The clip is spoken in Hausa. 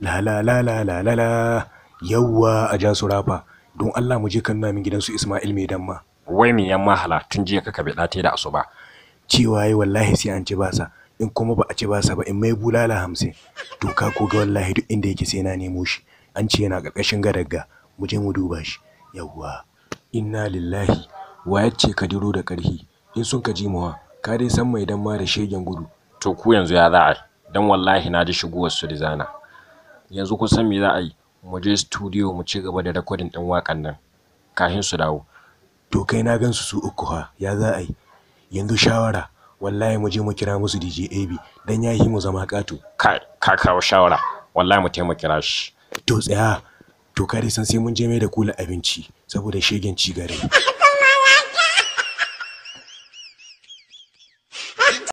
la la yawwa a ja su rafa don Allah mu je kan namin gidansu Ismail mai damma wai me 'yan mahala tun jiya kaka bi ɗate da asuba cewa yi wallahi sai an ci basa in kuma ba a ci basa ba in mai bulala hamsin to ka ko ga wallahi duk inda yake sai na nemo shi an ce yana karkashin gadagga mu je mu duba shi yawwa inna lillahi wa yace ka diro da karfi in sun ka ji mawa ka dai san mai damma da shegen gudu to ku yanzu ya za'a dan wallahi na ji shigowar su da zana yanzu kun san me za a yi mu je studio mu ci gaba da recording ɗin waƙan nan kafin su dawo to kai na gan su uku ha ya za a yi yanzu shawara wallahi mu je mu kira musu DJ AB dan ya yi mu zama ƙato ka kawo shawara wallahi mu mu kira shi to tsaya to kare san sai mun je mai da kula abinci saboda shegen ci gare